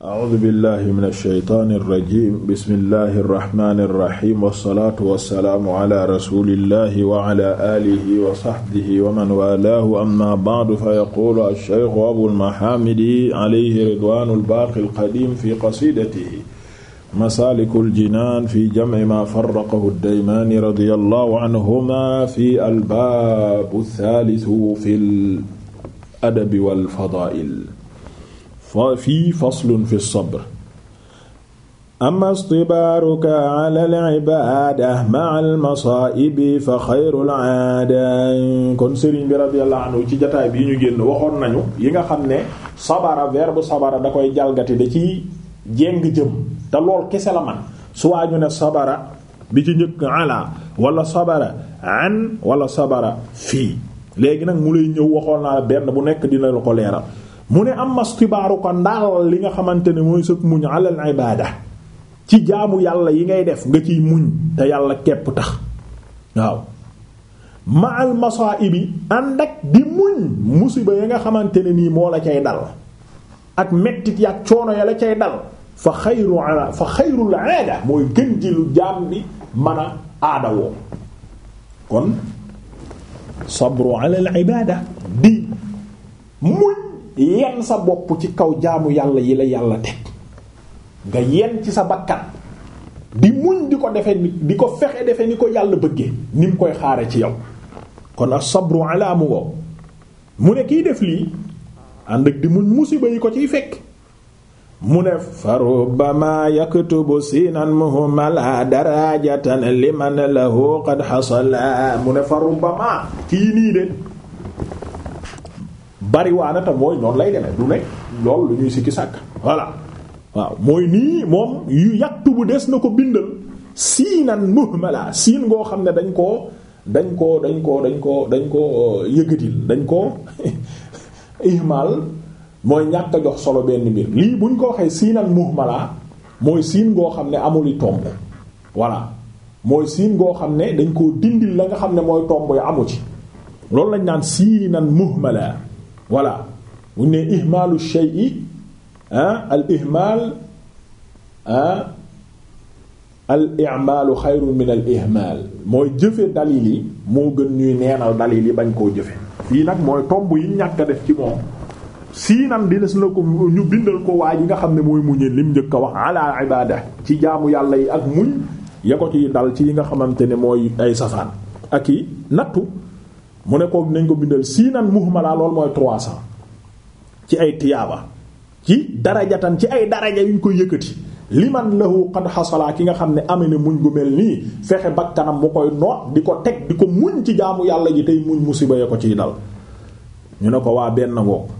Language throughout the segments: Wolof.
a'uudu billahi mina shaytaani rajiim bismillahi rahmaani rahiim wasalaatu wasalaamu ala rasuulillahi wa ala aalihi wa saxbihi wa man waalaahu amma ba'du fa yaquulu ash-shaykhu abul mahaamidi alayhi ridwaanul baaqil qadiim fi qasiidatihi masaalikul jinaan fi jamci maa farraqahu ad-daymaani radiyallahu anhumaa fi al-baab ath-thaalith fil adabi wal fadaa'il fa fii faslun fi sabr amma istibaaruka ala al fa xayrul aada kon Serigne bi radiyallahu ci jataay bi ñu génn waxoon nañu yi nga xam ne sabara verbe sabara da koy jalgati da ci jéng jëm te lool kese la man su waa ñu ne sabara bi ci njëkk ala wala sabara an wala sabara fii léegi nag mu lay ñëw waxoon naa benn bu nekk dina la ko leeral. mu ne am xibaaru ko ndaal li nga xamante ne mooy sëg muñ alal ibaada ci jaamu yàlla yi ngay def nga ciy muñ te yàlla kepp tax waaw ma al masaa'ibi ànd ak di muñ musiba ya nga xamante ne nii moo la cay dal ak mettit ya coono ya la cay dal fa xayru fa xayrul aada mooy gën ji lu jaam bi mën a aada woo kon sabru ala ibaada di muñ yenn sa bopp ci kaw jaamu yàlla yi la yàlla teg nga yenn ci sa bakkan di muñ di ko defe ni di ko fexe defe ni ko yàlla bëggee ni mu koy xaare ci yow kon as-sabru ala mu mu ne kiy def lii ànd ak di muñ musiba yi ko ciy fekk mu ne fa rubbama yaktubu sinan muhmala darajatan liman lahu qad hasala mu ne fa rubbama kii nii de bariwaana te mooy noonu lay demee du nekk loolu lu ñuy sikki sàkk voilà waaw mooy nii moom yu yàttu bu des na ko bindal siinan muhmala siin ngoo xam ne dañ koo dañ koo dañ koo dañ koo dañ koo euh, yëgatil dañ koo ihmal mooy ñàkk a solo benn mbir lii buñ ko waxee siinan muhmala mooy siin ngoo xam ne amuli tomb voilà mooy siin ngoo xam ne dañ koo dindil la nga xam ne mooy tomb yu amu ci loolu lañ naan siinan muhmala voilà bu ñu nee ihmaalu shay'i al ihmaal ah al i'maalu xayrun min al ihmaal mooy jëfe dalil yi moo gën ñuy neenal dalil yi bañ koo jëfe fii nag mooy tomb yi ñàkk a def ci moom siinan dines na ko ñu bindal ko waa ji nga xam ne mooy muñee lim njëkk a wax ala ibada ci jaamu yàlla yi ak muñ ya ko dal ci yi nga xamante ne mooy ay safaan ak i nattu mu ne ko nañ ko bindal siinan muhmala loolu mooy trois cents ci ay tiyaaba ci darajatan ci ay daraja yuñ koy yëkkati liman lahu qad xasalaa ki nga xam ne amee amene muñ gu mel nii fexe kanam mu koy noot di ko teg di ko muñ ci jaamu yàlla ji tey muñ musiba ya ko ciy dal ñu ne ko waa benn ngoog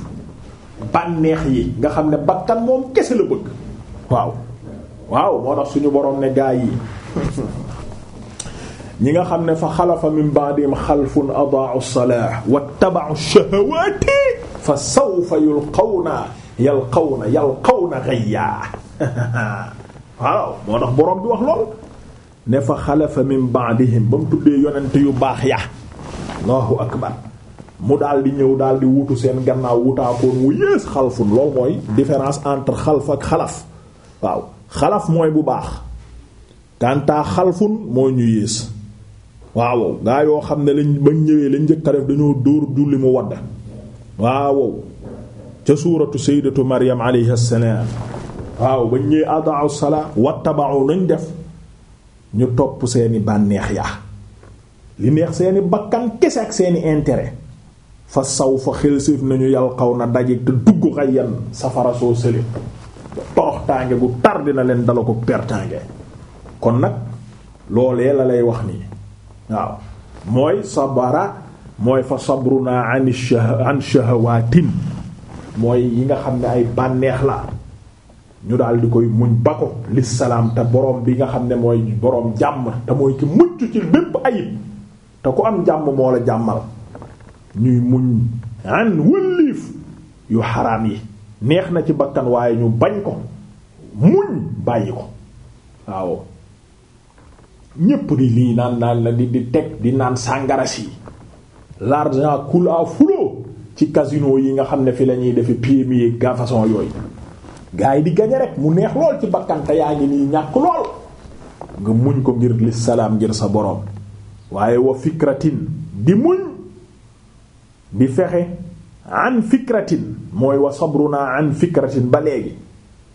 bànneex yi nga xam ne bakkan moom kese la bëgg waaw waaw moo tax suñu boroom ne gaa yi ñi nga xam ne fa xalafa min ba'dihim xalfun adaa'u salaa wattaba'u shahawaati fa sawfa yulqawna yalqawna yalqawna ghayya waaw moo tax borom bi wax lool ne fa xalafa min ba'dihim ba mu tuddee yu baax ya allahu akbar mu daal di ñëw daal di wutu seen gannaaw wutaakoon wu yées xalfun loolu mooy différence entre xalf ak xalaf waaw xalaf mooy bu baax kantaa xalfun moo ñu yées waaw gaa yoo xam ne lañ ñëwee lañ njëkk a def dañoo dóor julli mu wadd waaw ca suuratu sayyidatu maryam alayhi salaam waaw bañ ñëwee adaa'u salaa wattaba'u nañ def ñu topp seeni bànneex ya li neex seeni bakkan kese ak seeni intérêt fa saw fa xelséef nañu yàlla xaw na daje te dugg xayyan safara soo sële tànge bu tar na leen dala ko pertange kon nag loolee la lay wax nii waaw mooy sabara mooy fa sabruna an an shahawatin mooy yi nga xam ne ay bànneex la ñu daal di koy muñ ba ko lissalaam te boroom bi nga xam ne mooy boroom jàmm te mooy ki mucc ci bépp ayib te ku am jàmm moo la jàmmal ñuy muñ an wëlliif yu xaraam yi neex na ci bakkan waaye ñu bañ ko muñ bàyyi ko waaw ñépp di lii naan naan la di di teg di naan sàngara si l'argent coule à flot ci casino yi nga xam ne fi lañuy ñuy defe PMI ga façon yooyu gars yi di gañe rek mu neex lool ci bakkan te yaa ngi nii ñàkk lool nga muñ ko ngir li salaam ngir sa boroom waaye wa fikratin di muñ bi fexe an fikratin mooy wa naa an fikratin ba léegi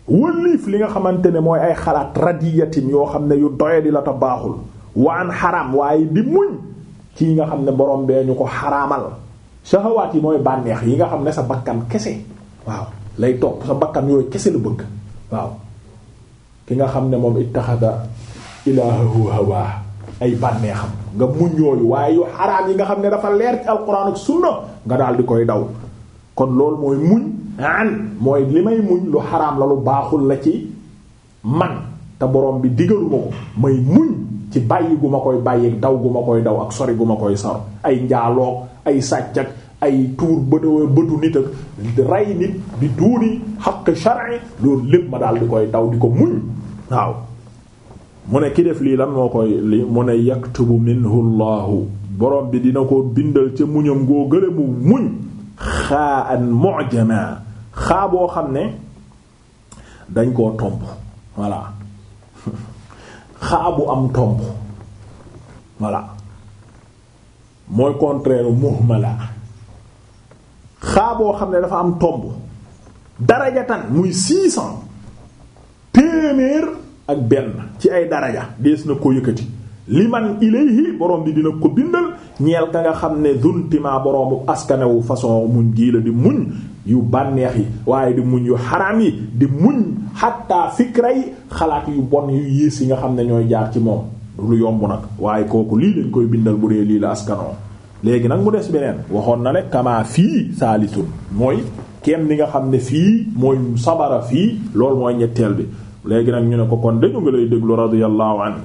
wëlliif li nga xamante ne mooy ay xalaat radiyatin yoo xam ne yu doye di la ta baaxul waa an xaraam waaye di muñ ci nga xam ne borom bee ñu ko xaraamal shahawaat yi mooy bànneex yi nga xam ne sa bakkan kese waaw lay topp sa bakkan yooyu kese la bëgg waaw ki nga xam ne moom ittaxada ilaahu hawaa ay bànneexam nga muñ yooyu waaye yu xaraam yi nga xam ne dafa leer ci alquran ak sunna nga daal di koy daw kon loolu mooy muñ an mooy li may muñ lu xaraam la lu baaxul la ci man te borom bi digaluma ko may muñ ci bàyyi gu ma koy bàyyi daw gu ma koy daw ak sori gu ma koy sor ay njaaloog ay sàcc ak ay tuur bëtawee bëtu nit ak rey nit di tuuri xaq shar'i loolu lépp ma daal di koy daw di ko muñ waaw mu ne ki lii lan moo koy li mu ne yaktubu minhu llahu borom bi dina ko bindal ca muñam ngoo gële mu muñ xaa an mojama xaa boo xam ne dañ koo tomb voilà xaa bu am tomb voilà mooy contraire muhmala xaa boo xam ne dafa am tomb darajatan muy six téeméer ak benn ci ay daraja dees na ko yëkkati li man ilayhi borom bi dina ko bindal ñeel ka nga xam ne duntimaa boroomu askanewu façon muñ gii la di muñ yu bànneex yi waaye di muñ yu xaraam yi di muñ xattaa fikra yi xalaat yu bon yu yiis yi nga xam ne ñooy jaar ci moom lu yomb nag waaye kooku lii lañ koy bindal bu dee lii la askanoo léegi nag mu des beneen waxoon na ne kamaa fii saalisun mooy kenn li nga xam ne fii mooy sabara fii loolu mooy ñetteel bi léegi nag ñu ne ko kon dañu ngi lay déglu radiyallahu anhu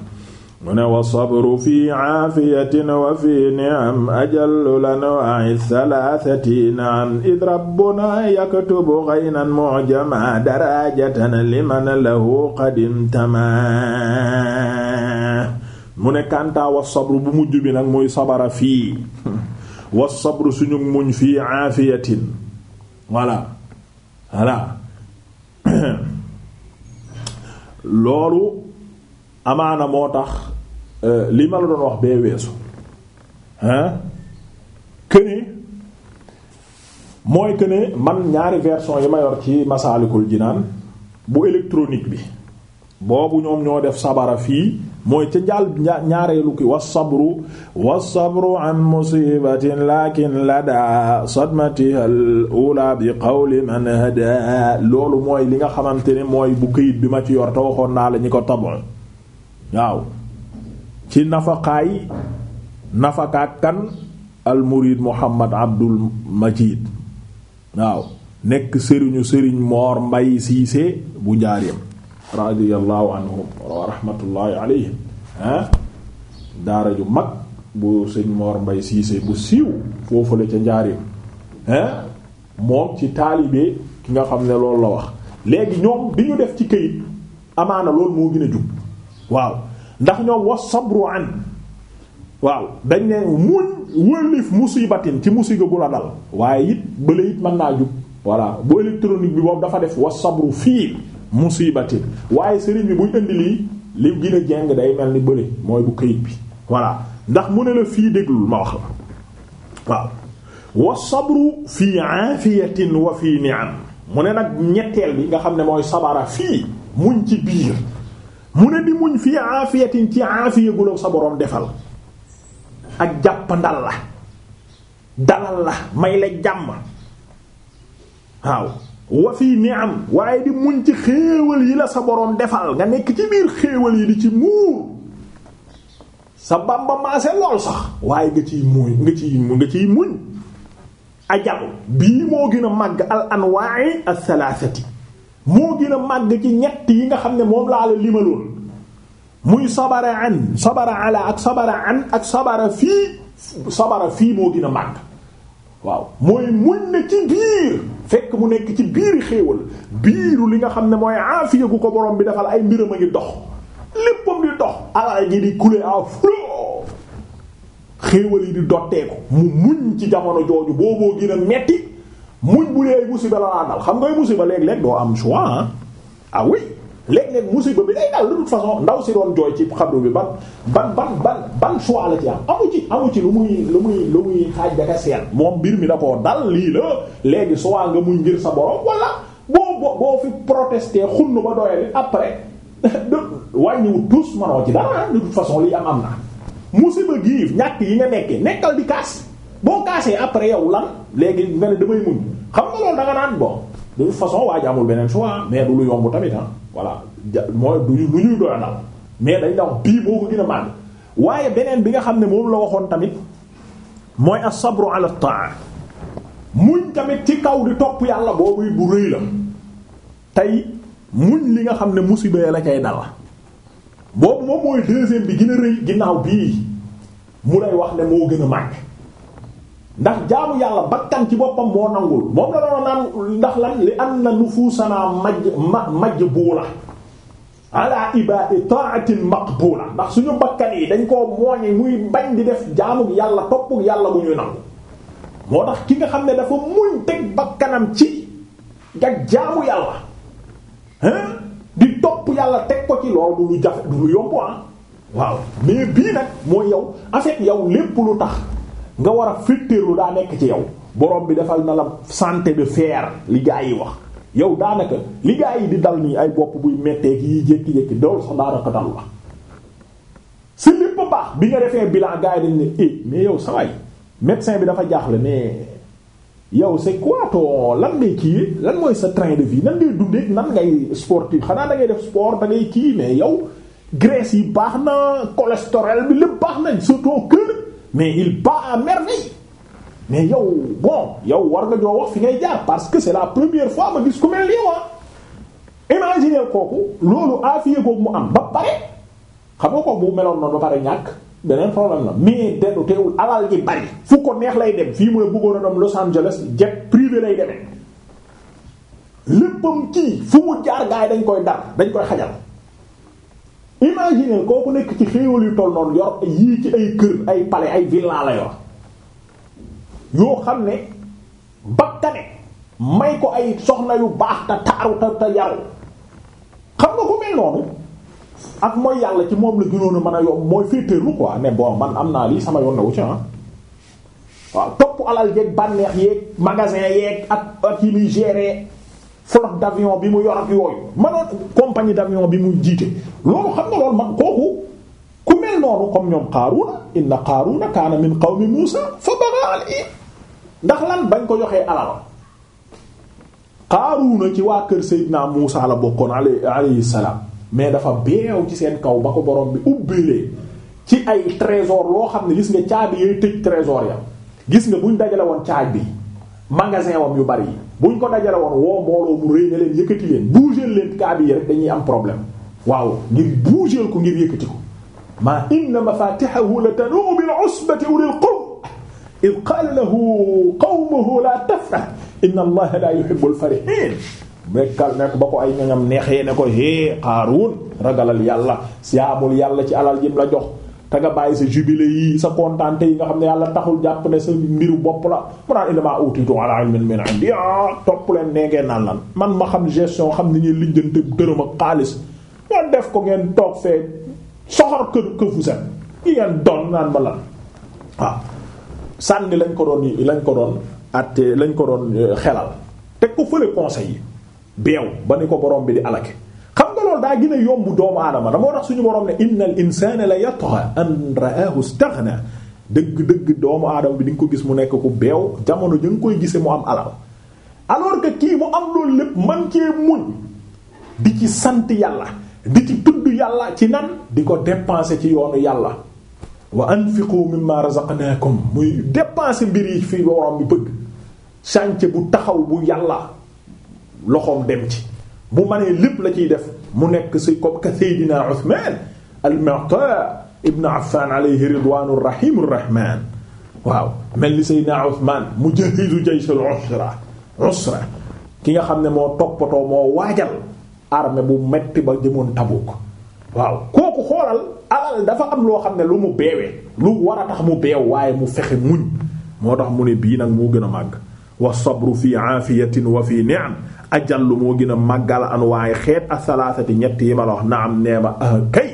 mu ne wa sabru fi aafiyatin wa fi ni'am ajallu lanwa'i thalathati na'am id rabbuna yaktubu ghaynan mu'jama darajatan liman lahu qadim tama mu ne kàntaa wa sabru bu mujj bi nag muy sabara fii wa sabru suñu muñ fii aafiyatin voilà voilà loolu amaana moo tax euh, li ma la doon wax bee weesu hein këne mooy këne man ñaari version yi ma yor ci masaalikul naan bu électronique bi boobu ñoom ñoo def sabara fii mooy ca njaal ñaareelu ki wasabru sabru an musibatin lakin lada sadmatiha al ula bi qawli man hada loolu mooy li nga xamante ne mooy bu kayit bi ma ci yor te waxoon naa la ko tabon waaw ci nafaqaay nafaqaat kan al murid Muhammad Abdul Majid waaw nekk sëriñu sëriñ Mor Mbay Siise bu njaareem radiyallahu anhum wa rahmatullahi alayhim ah daara ju mag bu sëñ Mor Mbay Siise bu siiw foofule ca njaarim ah moom ci taalibe ki nga xam ne loolu la wax léegi ñoom bi ñu def ci këyit amaana loolu moo gën a jub waaw ndax ñoom was sabru an waaw dañ ne muñ wëlif musibatin ci musiba bu la dal waaye it bële it mën naa jub voilà bu électronique bi boobu dafa def was sabru fii musibati waaye sëriñ bi buñ indi lii li gën a jeng day mel ni bële mooy bu këyit bi voilà ndax mu ne la fii déglul ma wax la waaw wa sabru fii aafiyatin wa fii ni'am mu ne nag ñetteel bi nga xam ne mooy sabara fii muñ ci biir mu ne di muñ fii aafiyatin ci aafiya sa boroom defal ak jàppandal la dalal la may la jàmm waaw wa fii am waaye di muñ ci xéewal yi la sa boroom defal nga nekk ci biir xéewal yi di ci muur sa bamba lool sax waaye nga ciy muñ nga ciy nga ciy muñ ajal bii moo gën a màgg al anwa'i athalathati moo gën a màgg ci ñett yi nga xam ne moom laa la limaloon muy sabara an sabara ala ak sabara an ak sabara fii sabara fii moo gën a màgg waaw mooy muñ ne ci biir fekk mu nekk ci biiri xéewal biiru li nga xam ne mooy aafiya gu ko borom bi defal ay mbiram a ngi dox léppam di dox alal ji di couler à flot xéewal yi di dotteeku mu muñ ci jamono jooju booboo gën a metti muñ bu dee musiba la laa dal xam ngay musiba léeg-léeg doo am choix ah, ah oui léeg-léeg musiba bi day dal de toute façon ndaw si doon jooy ci xabru bi ban ban ban ban ban choix la ci am amu ci amu ci lu muy lu muy lu muy xaaj daka moom mbir mi da koo dal lii la léegi soit nga mu ngir sa borom wala boo boo boo fi protester xunn ba doyale après wàññiwut tous manoo ci dara de toute façon lii am am na musiba giif ñàkk yi nga nekkee nekkal di kaas boo kaasee après yow lan léegi nga ne damay muñ xam nga loolu da naan bon de façon waa ji amul beneen choix mais du lu yomb tamit ah voilà mooy du lu ñuy doyanal mais day la bii boo ko gën a màgg waaye beneen bi nga xam ne moom la waxoon tamit mooy as-sabru ala at-ta'a muñ tamit ci kaw di topp yàlla boobu bu rëy la tey muñ li nga xam ne musiba la cay dal boobu moom mooy deuxième bi gën a rëy ginnaaw bii mu lay wax ne moo gën a màgg. ndax jaamu yàlla bakkan ci boppam moo nangul moom la doon naan ndax lan li anna nufuusanaa maj ma majbuula ala ibaadi ta'atin maqbuula ndax suñu bakkan yi dañ koo mooñe muy bañ di def jaamu yàlla topp yàlla bu ñuy nangu moo tax ki nga xam ne dafa muñ teg bakkanam ci jag jaamu yàlla hein di topp yàlla teg ko ci lool du lu jafe du lu yomb ah waaw mais bii nag mooy yow en fait yow lépp lu tax nga war a féttéerlu daa nekk ci yow borom bi defal na la santé de fer li gaa yi wax yow daanaka li gaa yi di dal nii ay bopp buy mettee ki yiy jékki-jékki dool sax daanaka dal la si lépp baax bi nga defee bilan gaa dañ ne eh mais yow saway médecin bi dafa jaaxle mais yow c'est quoi ton lan ngay kii lan mooy sa train de vie nan ngay dundee nan ngay sportif xanaa da ngay def sport da ngay kii mais yow graisse yi baax na cholestérol bi lépp baax nañ surtout mais il bat à merveille mais yow bon yow war nga joo fi ngay jaar parce que c'est la première fois ma gis ku mel ni waa ah. imaginer kooku loolu afiya googu mu am ba pare xam nga ko bu meloon noonu ba pare ñàkk beneen problème la mais deddu teewul alal ji bari fu ko neex lay dem fii mu ne bëggoon a dem Los Angeles jet privé lay demee léppam kii fu mu jaar gaay dañ koy dar dañ koy xajal imagine kooku nekk ci xéewal yu toll noonu yor yii ci ay kër ay palais ay villa la yor yoo xam ne bakkane may ko ay soxna yu baax ta taaru te te yaru xam nga ko mel noonu ak mooy yàlla ci moom la gënoon a a yomb mooy féeteerlu quoi mais bon man am naa lii sama yoon na wu ci ah waaw topp alal jeeg bànneex yeeg magasin yeeg ak ak yi muy flotte d'avion bi mu yor ak yooyu manoon compagnie d'avion bi mu jiite loolu xam nga loolu man kooku ku mel noonu comme ñoom Qaaruna inna Qaaruna mi min qawmi Muusa fa bagha alayhi ndax lan bañ ko joxee alal Qaaruna ci waa kër naa Muusa la bokkoon alayhi alayhi salaam mais dafa beew ci seen kaw ba ko borom bi ubbilee ci ay trésor loo xam ne gis nga caabi yay tëj trésor ya gis nga buñ dajale woon caaj bi magasin wam yu bari yi buñ ko dajale woon woo mbooloo mu rëy na leen yëkkati dañuy am problème waaw ngir bouger ko ngir yëkkati ko maa inna mafatihahu latanuu bil usbati ulil qurba id qaala lahu qawmuhu la tafrah inna allaha la yuhibbul nekk ba ko ay ñoñam neexee ne ko hé Qaaruun ragalal yàlla siyaamul yàlla ci alal jim la jox te nga bàyyi sa jubilé yi sa kontante yi nga xam ne yàlla taxul jàpp ne sa mbiru bopp la mu naan indamaa utitu ala ilmin min indi ah topp leen nee ngeen naan lan man ma xam gestion xam ni ñuy lijjante gërëm ak xaalis ngeen def ko ngeen toog fee soxor kër këfu set yi ngeen doon naan ma lan waaw ah, sànni lañ ko doon lañ ko doon atte lañ ko doon eh, xelal te ko fële conseil yi beew ba ni ko borom bi di alake daa gën a yomb doomu aadama da moo tax suñu borom ne innal insana la yatgha an ra'ahu istaghna dëgg-dëgg doomu aadama bi di ko gis mu nekk ku beew jamono ja nga koy gise mu am alal alors que kii mu am loolu lépp man cee muñ di ci sant yàlla di ci tudd yàlla ci nan di ko dépenser ci yoonu yàlla wa anfiqu mimma razaqnakum muy dépenser mbir yi fi borom bi bëgg chantier bu taxaw bu yàlla loxoom dem ci bu manee lépp la ciy def mu nekk si comme que Seydina Usmaan al-Mu'taa ibn Affaan alayhi ridwaanu rahiim rahmaan waaw mel ni Seydina Usmaan mujahidu jaysh al-usra usra ki nga xam ne moo toppatoo moo waajal armée bu metti ba jëmoon Tabuk waaw kooku xoolal alal dafa am loo xam ne lu mu beewee lu war a tax mu beew waaye mu fexe muñ moo tax mu ne bii nag moo gën a màgg wa sabru fi aafiyatin wa fi ni'am ajallu moo gën a màggal an waaye xeet asalaasati ñett yi ma la wax naam nee ma ah kay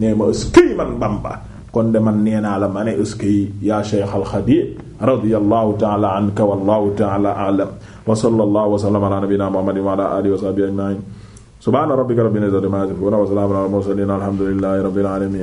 nee ma ëskëy man Bamba kon de man nee naa la ma ne ëskëy yaa Cheikh al Xadim radiyallahu ta'ala anka wallahu ta'ala a'lam wa sallallahu wa sallama ala nabiyyina muhammadin wa ala alihi wa sahbihi ajma'in subhana rabbika rabbil izzati amma yasifun wa salamun ala al mursalin alhamdulillahi rabbil alamin